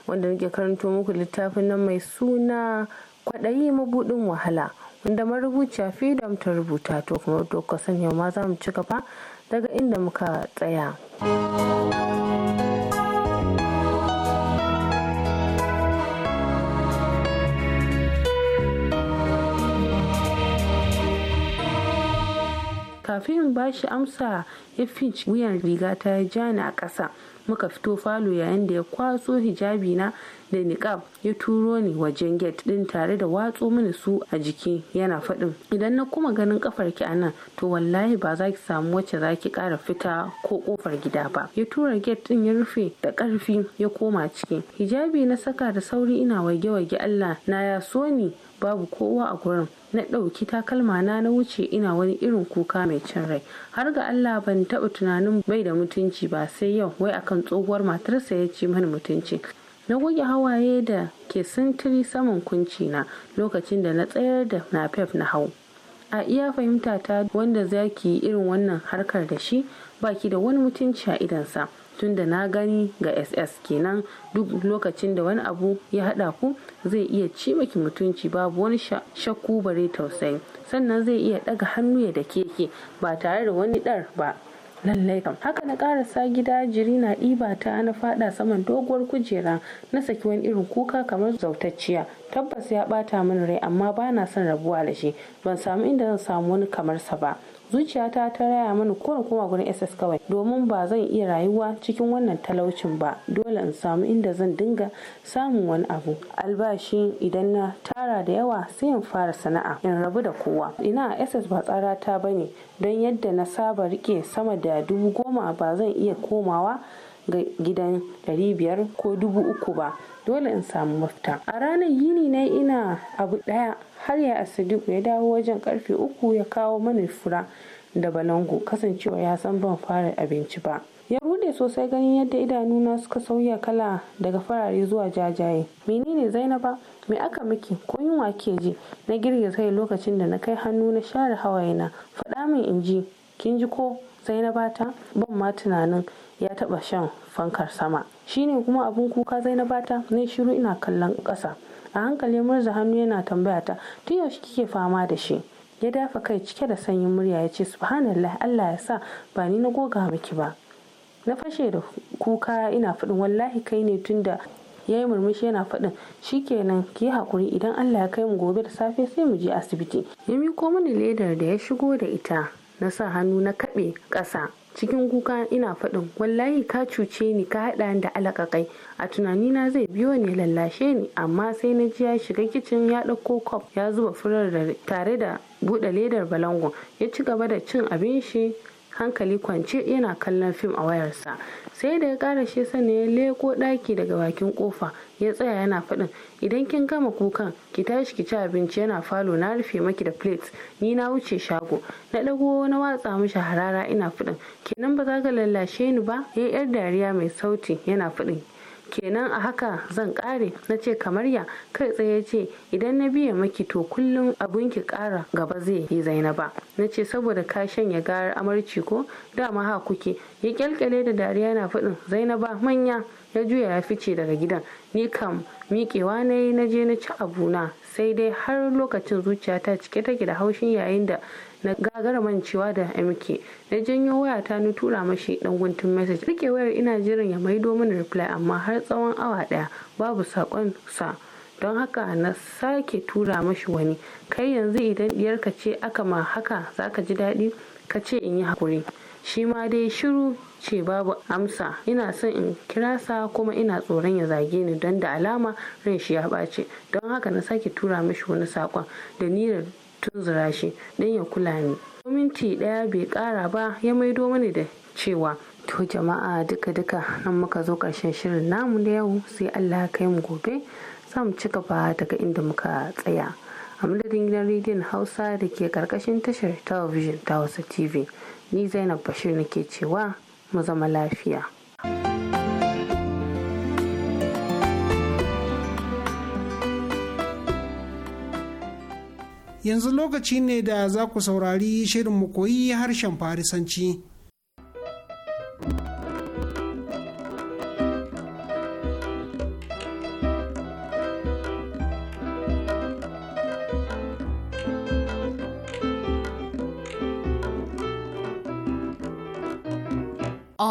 wanda nake karanto muku littafin nan mai suna kwaɗayi mabuɗin wahala wanda marubuciya Freedom ta rubuta to kuma dokasan sanya yau ma za mu ci gaba daga inda muka tsaya. kafin in shi amsa ya finci wuyan riga ta ja ni a ƙasa muka fito falo yayin da ya kwaso hijabi na da niqab ya turo ni wajen gate din tare da watso mini su a jiki yana faɗin idan na kuma ganin kafar ki anan to wallahi ba za ki samu wacce za ki ƙara fita ko ƙofar gida ba ya tura gate din ya rufe da ƙarfi ya koma ciki hijabi na saka da sauri ina wage wage Allah na ya so ni babu kowa a gurin na ɗauki takalma na na wuce ina wani irin kuka mai cin rai har ga Allah ban taɓa tunanin bai da mutunci ba sai yau wai akan tsohuwar matarsa ya ci mani mutunci na goge hawaye da ke sintiri saman kunci na lokacin da na tsayar da nafef na hau a iya fahimta ta wanda zaki irin wannan harkar da shi baki da wani mutunci a idansa tunda na gani ga ss kenan duk lokacin da wani abu ya hada ku zai iya ci maki mutunci babu wani shakku bare tausayi sannan zai iya daga hannu ya da keke ba tare da wani dar ba lallai kam haka na karasa gida jiri na ɗiba ta na fada saman doguwar kujera na saki wani irin kuka kamar zautacciya tabbas ya bata min rai amma ba na son rabuwa da shi ban samu inda zan samu wani kamar sa ba zuciyata ta raya mani ko koma gurin ss kawai domin ba zan iya rayuwa cikin wannan talaucin ba dole in samu inda zan dinga samun wani abu albashi idan na tara da yawa sai in fara sana'a in rabu da kowa ina ss ba tsara ta bane don yadda na saba rike sama da dubu goma ba zan iya komawa ga gidan 500 ko dubu uku ba dole in samu mafita a ranar yini na ina abu daya har ya asadiku ya dawo wajen karfe uku ya kawo mana fura da balango kasancewa ya san ban fara abinci ba ya rude sosai ganin yadda idanuna suka sauya kala daga farare zuwa jajaye menene zainaba me aka miki ko yunwa ke ji na girgiza lokacin da na kai hannu na share hawayena faɗa min in ji kin ji ko zainaba ta ban ma tunanin ya taba shan fankar sama Shi ne kuma abun kuka zainab bata na shiru ina kallon ƙasa a hankali murza hannu yana tambaya ta tun yaushe kike fama da shi ya dafa kai cike da sanyin murya ya ce subhanallah Allah ya sa ba ni na goga miki ba na fashe da kuka ina faɗin wallahi kai ne tun da ya yi murmushi yana faɗin shikenan ki hakuri idan Allah ya kai mu gobe da safe sai mu je asibiti ya miko mini ledar da ya shigo da ita na sa hannu na kaɓe ƙasa cikin kuka ina faɗin wallahi ka cuce ni ka haɗa da alakakai a tunanina zai biyo ne lallashe ni amma sai na ji ya shiga kicin ya ɗauko kwaf ya zuba furar tare da buɗe ledar balangon ya ci gaba da cin abin shi hankali kwance yana kallon fim a wayarsa sai da ya ƙara shi sannan ya leko ɗaki daga bakin ƙofa ya tsaya yana faɗin idan kin gama kukan ki tashi ki ci abinci yana falo na rufe maki da plates ni na wuce shago na ɗago na watsa mishi harara ina faɗin kenan ba za ka lallashe ni ba ya yar dariya mai sauti yana faɗin kenan a haka zan ƙare na ce kamar ya kai tsaye ce idan na biya maki to kullum abun ki ƙara gaba zai yi zainaba na ce saboda ka shanya gara amarci ko dama ha kuke ya kyalkyale da dariya yana faɗin zainaba manya ya juya ya fice daga gidan ni kam miƙewa na yi na je na ci abuna sai dai har lokacin zuciyata cike take da haushin yayin da na gagara mancewa da mk na janyo wayata na tura mashi dan guntun message rike wayar ina jiran ya maido mini reply amma har tsawon awa daya babu sakon sa don haka na sake tura mashi wani kai yanzu idan diyarka ce aka ma haka zaka ji daɗi ka ce in yi hakuri shi ma dai shiru ce babu amsa ina son in kira sa kuma ina tsoron ya zage ni don da alama ran shi ya ɓace don haka na sake tura mishi wani saƙon da ni da tunzura shi don ya kula ni minti ɗaya bai ƙara ba ya maido mani da cewa To jama'a duka-duka nan muka zo karshen shirin namu da yau sai Allah kai mu gobe samu mu ci gaba daga inda muka tsaya. A madadin gidan rediyon Hausa da ke ƙarƙashin tashar talabijin ta wasu TV, ni Zainab Bashir nake cewa mu zama lafiya. yanzu lokaci ne da za ku saurari shirin mu koyi harshen farisanci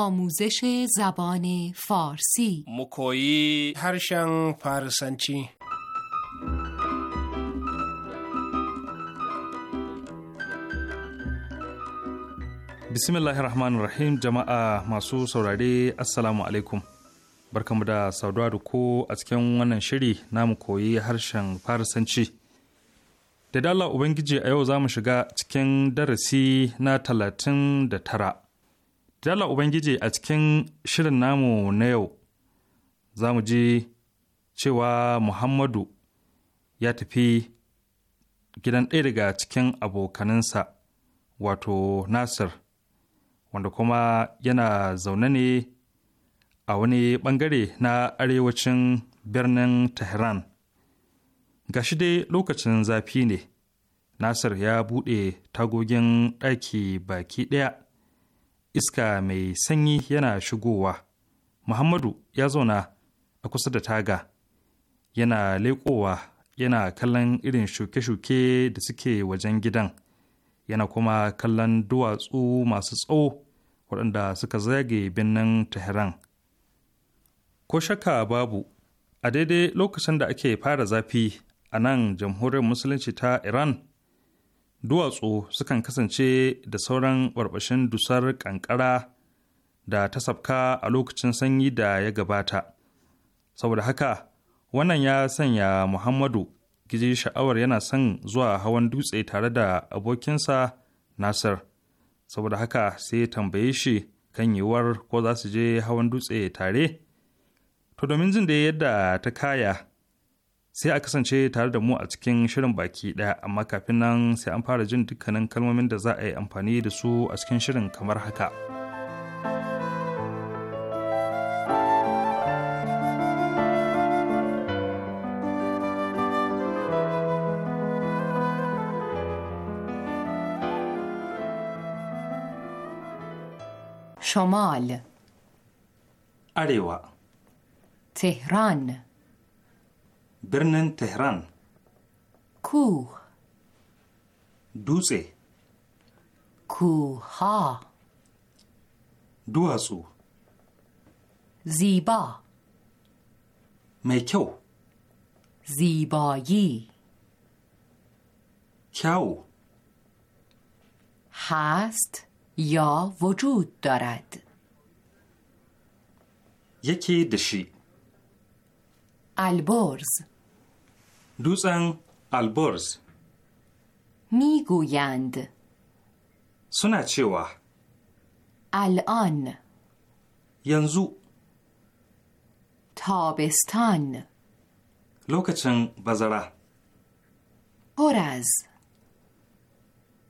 آموزش زبان فارسی مکویی هرشن فارسنچی bismillahi rahmanir rahim jama'a masu saurare assalamu alaikum barkamu da saduwa da ko a cikin wannan shiri namu koyi harshen farisanci da dala ubangiji a yau za mu shiga cikin darasi na talatin da tara Dala Ubangiji a cikin shirin namu na yau za mu ji cewa Muhammadu ya tafi gidan ɗaya daga cikin abokaninsa wato Nasir wanda kuma yana zaune ne a wani ɓangare na arewacin birnin Tehran. Ga shi dai lokacin zafi ne, Nasir ya buɗe tagogin ɗaki baki ɗaya. iska mai sanyi yana shigowa muhammadu ya zauna a kusa da taga yana leƙowa yana kallon irin shuke-shuke da suke wajen gidan yana kuma kallon duwatsu masu tsawo waɗanda suka zage birnin tehran ko shakka babu a daidai lokacin da ake fara zafi a nan jamhuriyar musulunci ta iran duwatsu sukan kasance da sauran barbashin dusar ƙanƙara da ta sabka a lokacin sanyi da ya gabata saboda haka wannan ya sanya muhammadu giji sha'awar yana son zuwa hawan dutse tare da abokinsa nasir saboda haka sai ya tambaye shi kan yiwuwar ko za su je hawan dutse tare to domin jin da yadda ta kaya sai a kasance tare da mu a cikin shirin baki ɗaya amma kafin nan sai an fara jin dukkanin kalmomin da za a yi amfani da su a cikin shirin kamar haka. شمال arewa. Tehran برنن تهران کوه دوزه کوها دوازو زیبا میکو زیبایی کو هست یا وجود دارد یکی دشی البرز Dutsen Albors Miguyand Suna cewa Al’an Yanzu Tabistan Lokacin bazara Horaz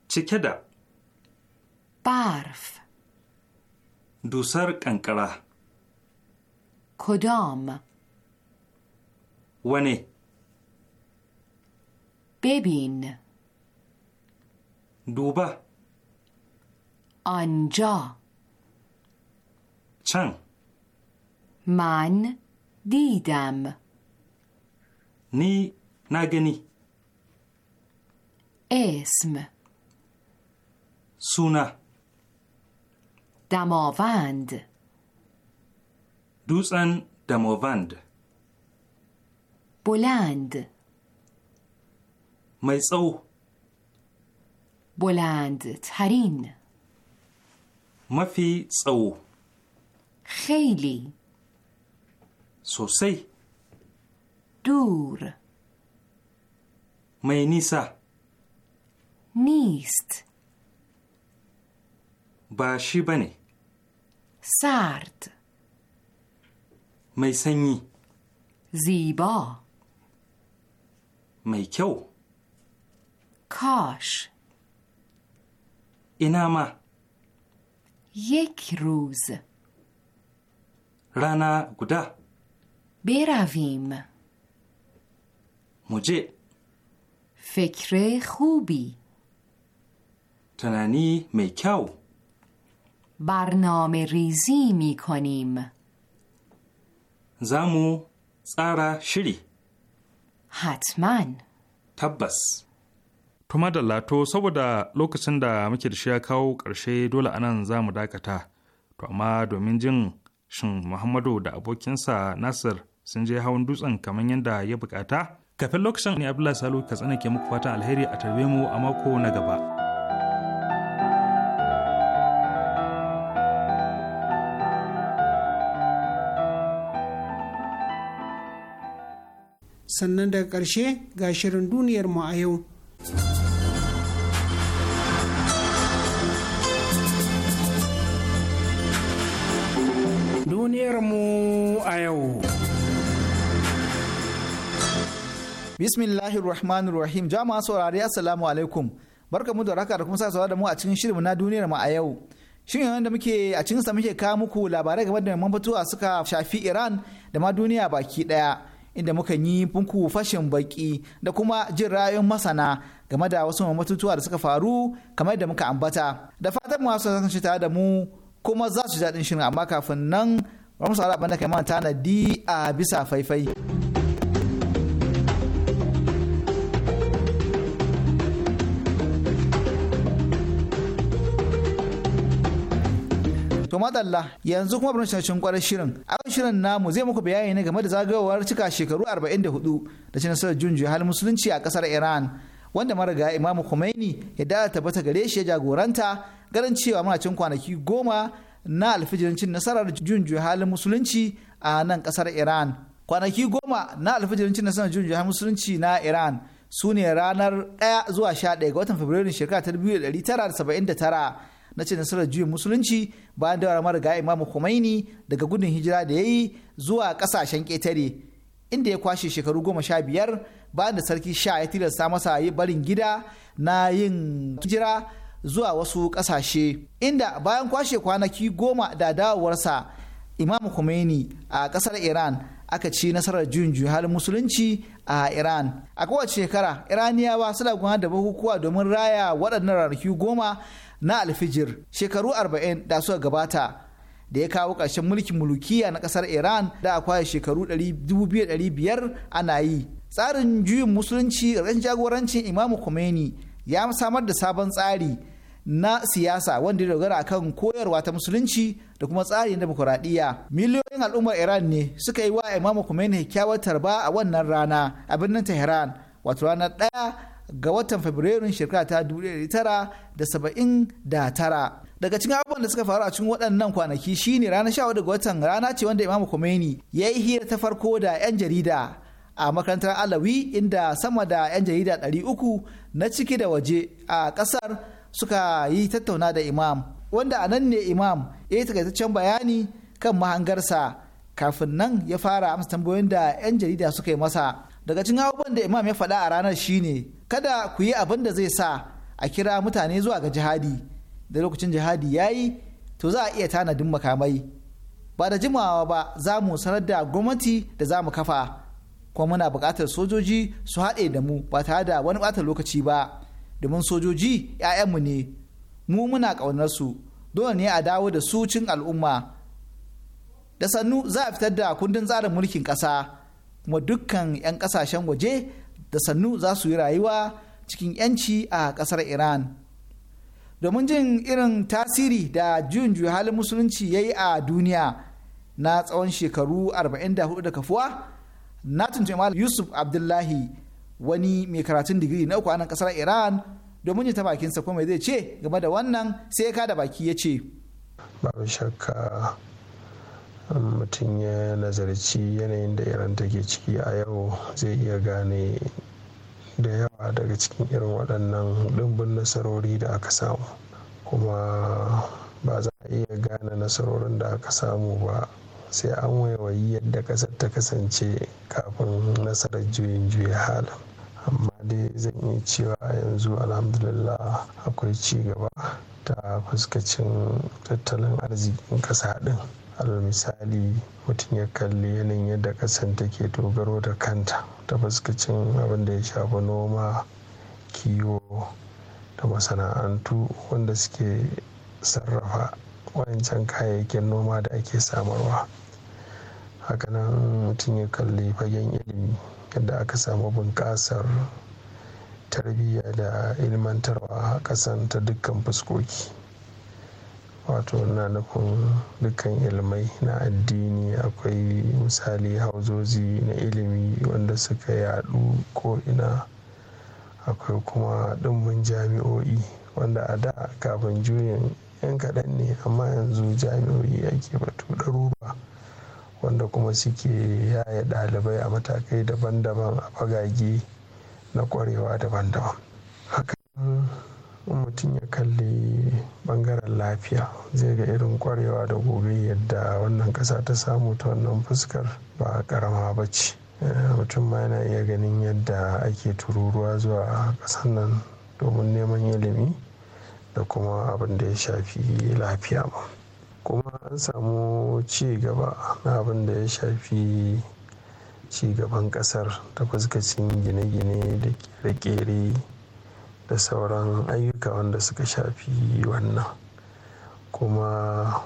Cike da Barf Dusar ƙanƙara Kodom Wani ببین دوبه آنجا چند من دیدم نی نگنی اسم سونه دماوند دوزن دماوند بلند mai بولاند ترين ترین مفی تسو خیلی سوسی دور می نیسا نیست باشی بنه سرد می سنی زیبا کاش اینما یک روز رانا گودا برویم موجه فکر خوبی تنانی میکاو برنامه ریزی می کنیم زمو سارا شری حتما تبس Tuma da lato saboda lokacin da muke da shi ya kawo ƙarshe dole anan za mu dakata. To amma domin jin shin Muhammadu da abokinsa Nasir sun je hawan dutsen kamar yadda ya bukata? Kafin lokacin ne Abdullahi Salu ka ke muku fatan alheri a tarbe mu a mako na gaba. sannan daga ƙarshe ga shirin duniyar mu a yau. Duniyarmu a yau. Bismillahir Rahmanir Rahim. Jama'a saurari Assalamu alaikum. Barkamu da raka da kuma sa saurari da mu a cikin shirin na duniyar mu a yau. Shin yayin da muke a cikin sa muke kawo muku labarai game da muhimman suka shafi Iran da ma duniya baki daya. inda muka yi funku fashin baki da kuma jin ra'ayoyin masana game da wasu matutuwa da suka faru kamar da muka ambata da fatan masu kasance tare da mu kuma za su ji daɗin shirin amma kafin nan wani saurara banda kai mana tanadi a bisa faifai. To madalla yanzu kuma bari shirin kwarar shirin. A shirin namu zai muku bayani ne game da zagayowar cika shekaru 44 da cin nasarar junjiyar hal musulunci a kasar Iran. Wanda mariga Imam Khomeini ya dala tabbata gare shi ya jagoranta garin cewa muna cin kwanaki goma na alfijirin cin nasarar junjiyar halin musulunci a nan kasar Iran. Kwanaki goma na alfijirin cin nasarar junjiyar halin musulunci na Iran su ne ranar 1 zuwa 11 ga watan Fabrairu shekara 1979 na ce nasarar juyin musulunci bayan da ga Imam Khomeini daga gudun hijira da ya yi zuwa kasashen ƙetare inda ya kwashe shekaru goma sha biyar bayan da sarki sha ya tilasta masa yi barin gida na yin hijira zuwa wasu kasashe inda bayan kwashe kwanaki goma da dawowarsa Imam Khomeini a ƙasar Iran aka ci nasarar juyin halin musulunci a Iran. A kowace shekara, Iraniyawa suna gudanar da bukukuwa domin raya waɗannan rarraki goma na alfijir shekaru 40 da suka gabata da ya kawo ƙarshen mulkin mulukiya na ƙasar iran da a kwaya shekaru 2,500 ana yi tsarin juyin musulunci ƙarshen jagorancin imamu khomeini ya samar da sabon tsari na siyasa wanda ya dogara akan koyarwa ta musulunci da kuma tsarin demokuraɗiyya miliyoyin al'ummar iran ne suka yi wa imamu khomeini kyakkyawar tarba a wannan rana a birnin tehran wato ranar ɗaya ga watan fabrairun shekara ta tara. daga cikin abubuwan da suka faru a cikin waɗannan kwanaki shine ranar sha ga watan rana ce wanda imam Khomeini ya yi hira ta farko da 'yan jarida a makarantar alawi inda sama da 'yan jarida 300 na ciki da waje a ƙasar suka yi tattauna da imam wanda a nan ne imam ya yi takaitaccen bayani kan mahangarsa kafin nan ya fara amsa tambayoyin da 'yan jarida suka yi masa daga cikin abubuwan da imam ya faɗa a ranar shine kada ku yi abin da zai sa a kira mutane zuwa ga jihadi da lokacin jihadi ya yi to za a iya tanadin makamai ba da jimawa ba za mu sanar da gwamnati da za mu kafa kuma muna buƙatar sojoji su haɗe da mu ba tare da wani ɓata lokaci ba domin sojoji 'ya'yanmu ne mu muna ƙaunar su dole ne a dawo da su cin al'umma da sannu za a fitar da kundin tsarin mulkin ƙasa kuma dukkan 'yan ƙasashen waje da sannu za su yi rayuwa cikin 'yanci a ƙasar iran domin jin irin tasiri da juyin juya halin musulunci ya yi a duniya na tsawon shekaru 44 da kafuwa na tuntuɓi yusuf abdullahi wani mai karatun digiri na uku a ƙasar iran domin yi ta bakinsa kuma zai ce game da wannan sai ya kada baki ya ce babu shakka mutum ya nazarci yanayin da iran take ciki a yau zai iya gane da yawa daga cikin irin waɗannan ɗumbin nasarori da aka samu kuma ba za a iya gane nasarorin da aka samu ba sai an waiwayi yadda ƙasar ta kasance kafin nasarar juyin juya halin amma dai zan yi cewa yanzu alhamdulillah akwai ci gaba ta fuskacin tattalin arzikin ƙasa ɗin alal misali mutum ya kalli yanayin yadda kasan take dogaro da kanta ta fuskacin abin da ya shafi noma kiwo da masana'antu wanda suke sarrafa wancan kayayyakin noma da ake samarwa hakanan mutum ya kalli fagen ilimi yadda aka samu bunƙasar tarbiyya da ilmantarwa a ƙasan ta dukkan fuskoki wato na nufin dukkan ilmai na addini akwai misali hauzozi na ilimi wanda suka yadu ko ina akwai kuma dimbin jami'o'i wanda a da kafin juyin 'yan kaɗan ne amma yanzu jami'o'i ake batu ɗaruba wanda kuma suke yaya ɗalibai a matakai daban-daban a fagage na ƙwarewa daban-daban in mutum ya kalli bangaren lafiya zai ga irin kwarewa da gobe yadda wannan kasa ta samu ta wannan fuskar ba karama ba ce eh, mutum ma yana iya ganin yadda ake tururuwa zuwa kasan nan domin neman ilimi da kuma abin da ya shafi lafiya ba kuma an samu ci gaba na abin da ya shafi ci gaban kasar ta fuskacin gine-gine da kere-kere da sauran ayyuka wanda suka shafi wannan kuma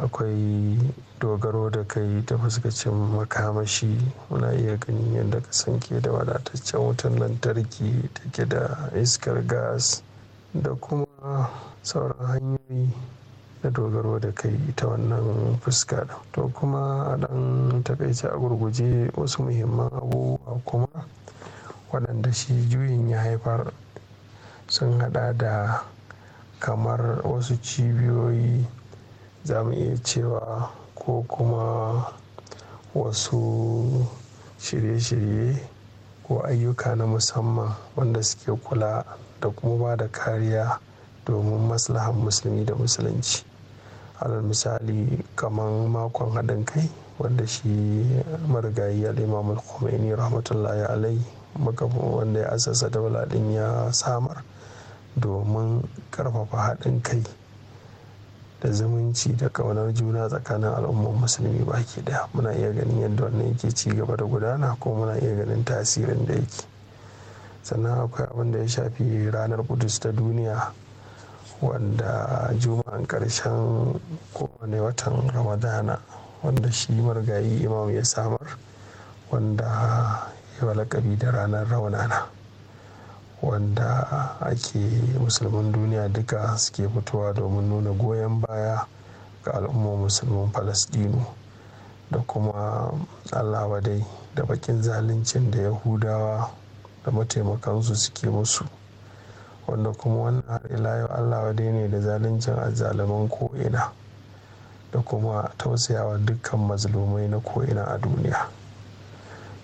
akwai dogaro da kai ta fuskacin makamashi muna iya ganin yadda san ke da wadataccen wutan lantarki ke da iskar gas da kuma sauran hanyoyi da dogaro da kai ta wannan fuska to kuma a ɗan takaice a gurguje wasu muhimman abubuwa kuma waɗanda shi juyin ya haifar sun hada da kamar wasu cibiyoyi za mu iya cewa ko kuma wasu shirye-shirye ko ayyuka na musamman wanda suke kula da kuma ba da kariya domin maslahan musulmi da musulunci alal misali kamar makon haɗin kai wanda shi marigayi al'imamul khomeini rahmatullahi alai wanda ya asasa da ɗin ya samar domin karfafa haɗin kai da zumunci da ƙaunar juna tsakanin al'ummar musulmi baki daya muna iya ganin yadda wannan yake ci gaba da gudana ko muna iya ganin tasirin da yake sannan akwai abin da ya shafi ranar kudus ta duniya wanda juma'an ƙarshen kowane watan ramadana wanda shi margayi imam ya samar wanda ya walakabi da ranar raunana. wanda ake musulman duniya duka suke fitowa domin nuna goyon baya ga al'ummar musulman falasdino da kuma allah dai da bakin zaluncin da yahudawa da mataimakansu suke musu wanda kuma wannan har ila yau allah dai ne da zaluncin azzalaman ko'ina da kuma tausayawa dukkan mazlumai na ko'ina a duniya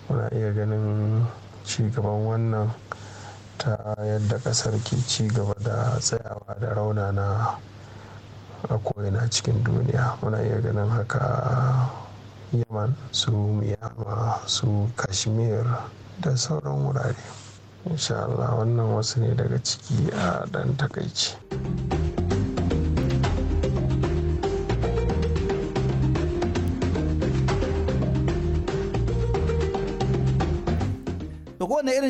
muna iya ganin ci wannan ta yadda kasar ke ci gaba da tsayawa da raunana a ko'ina cikin duniya muna iya ganin haka yaman su miyama su kashmir da sauran wurare insha Allah wannan wasu ne daga ciki a dan takaici.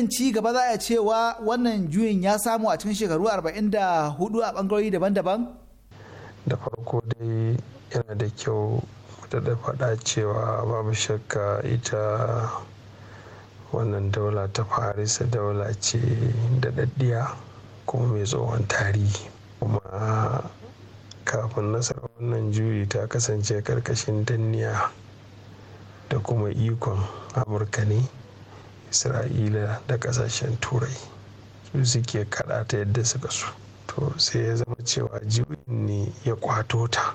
ci gaba za a cewa wannan juyin ya samu a cikin shekaru 44 a bangarori daban-daban? da farko dai yana da kyau da faɗa cewa babu shakka ita wannan daula ta farisa daula ce da daddiya kuma mai tsohon tarihi kuma kafin nasarar wannan juyi ta kasance karkashin danniya da kuma ikon amurka ne isra'ila da kasashen turai su suke kada ta yadda suka so to sai ya zama cewa juyin ne ya kwato ta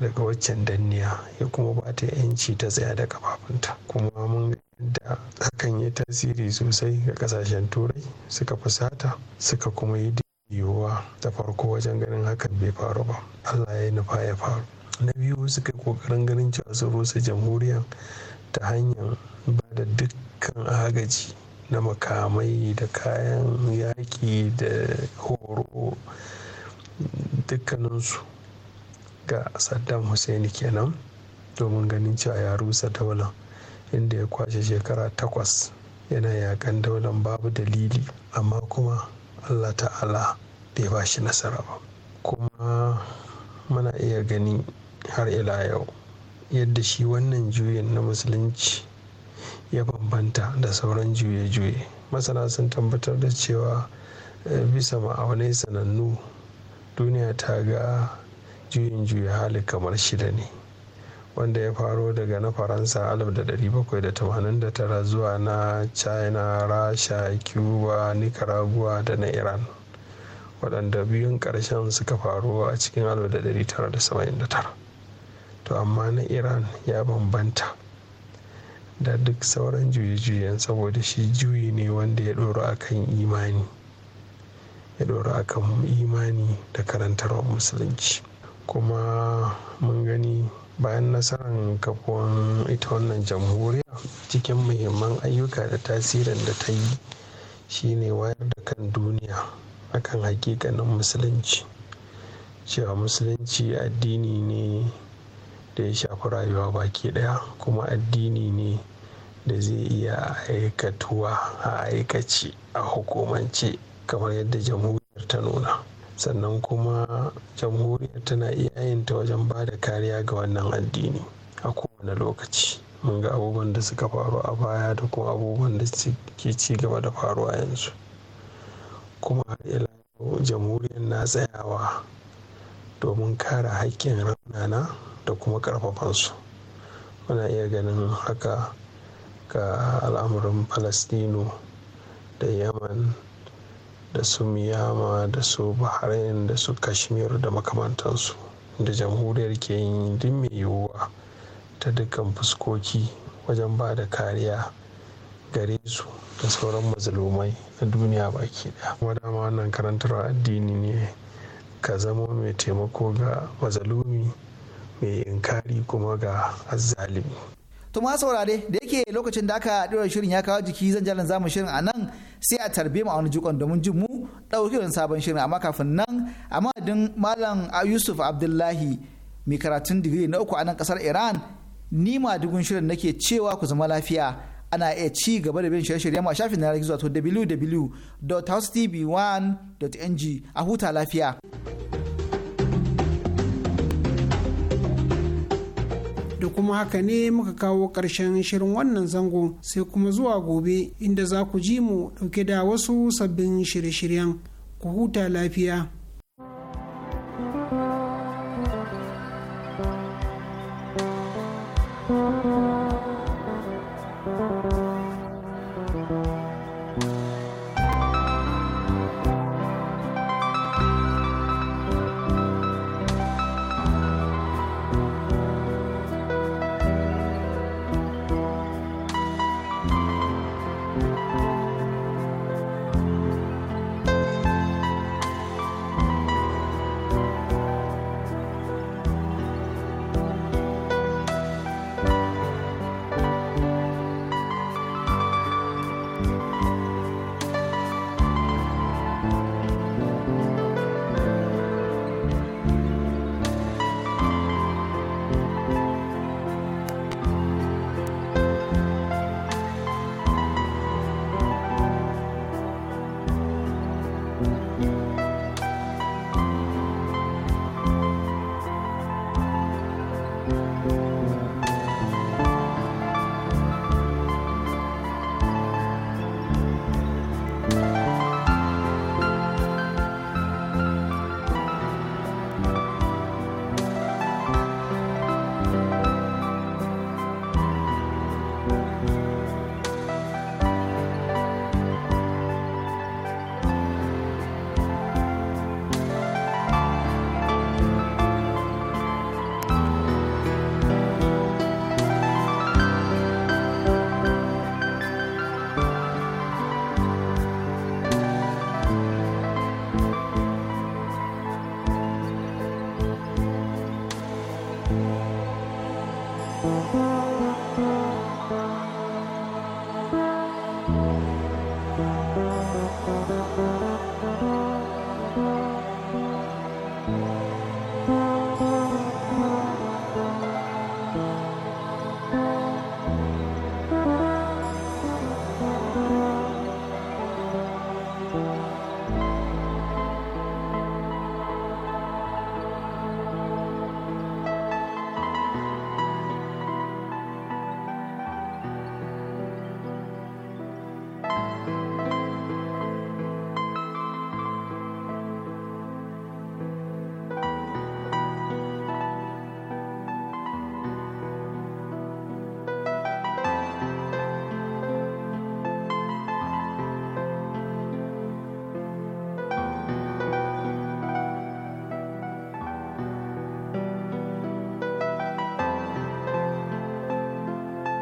daga waccan danniya ya kuma ba ta yanci ta tsaya da kafafunta kuma mun da hakan ya tasiri sosai ga kasashen turai suka fusata suka kuma yi yiwuwa da farko wajen ganin hakan bai faru ba allah ya nufa ya faru na biyu suka yi kokarin ganin cewa sun rusa jamhuriyar ta hanyar ba da dukkan agaji na makamai da kayan yaƙi da horo dukkaninsu ga saddam hussein kenan domin ganin cewa ya rusa daular inda ya kwashe shekara takwas yana yakan daular babu dalili amma kuma allah ta'ala bai ba shi nasara ba kuma muna iya gani har ila yau yadda shi wannan juyin na musulunci ya bambanta da sauran juye-juye masana sun tabbatar da cewa eh, bisa ma'aunai sanannu duniya ta ga juyin juya hali kamar shida ne wanda ya faro daga na faransa 1789 zuwa na china rasha cuba nicaragua da na iran waɗanda biyun ƙarshen suka faru a cikin 1979 to amma na iran ya bambanta da duk sauran juye-juyen saboda shi juyi ne wanda ya ɗoro akan imani ya ɗoro akan imani da karantarwar musulunci kuma mun gani bayan nasarar kafuwan ita wannan jamhuriya cikin muhimman ayyuka da tasirin da ta yi shine wayar da kan duniya akan hakikanin musulunci cewa musulunci addini ne da ya shafi rayuwa baki ɗaya kuma addini ne da zai iya aikatuwa a aikace a hukumance kamar yadda jamhuriyar ta nuna sannan kuma jamhuriyar tana iya ta wajen ba da kariya ga wannan addini a kowane lokaci mun ga abubuwan da suka faru a baya da kuma abubuwan da ke ci gaba da faruwa yanzu kuma har ila jamhuriyar na tsayawa domin kare haƙƙin raunana da kuma karfafa muna iya ganin haka ga al'amuran palestino da yaman da su miyama da su bahrain da su kashmir da makamantansu da jamhuriyar ke yin din mai yiwuwa ta dukkan fuskoki wajen ba da kariya gare su da sauran mazalumai na duniya baki daya kuma dama wannan karantarwa addini ne ka zama mai taimako ga mazalumi mai inkari kuma ga azzalimi to ma saurare da yake lokacin da aka ɗora shirin ya kawo jiki zan jalan zamu shirin a nan sai a tarbe mu a wani jikon domin jin mu ɗauki wani sabon shirin amma kafin nan a madadin malam yusuf abdullahi mai karatun digiri na uku a nan ƙasar iran ni ma dugun shirin nake cewa ku zama lafiya ana iya ci gaba da bin shirye-shirye ma shafin na gizo to www.housetv1.ng a huta lafiya. da kuma haka ne muka kawo ƙarshen shirin wannan zango sai kuma zuwa gobe inda za ku ji mu ɗauke da wasu sabbin shirye-shiryen ku huta lafiya.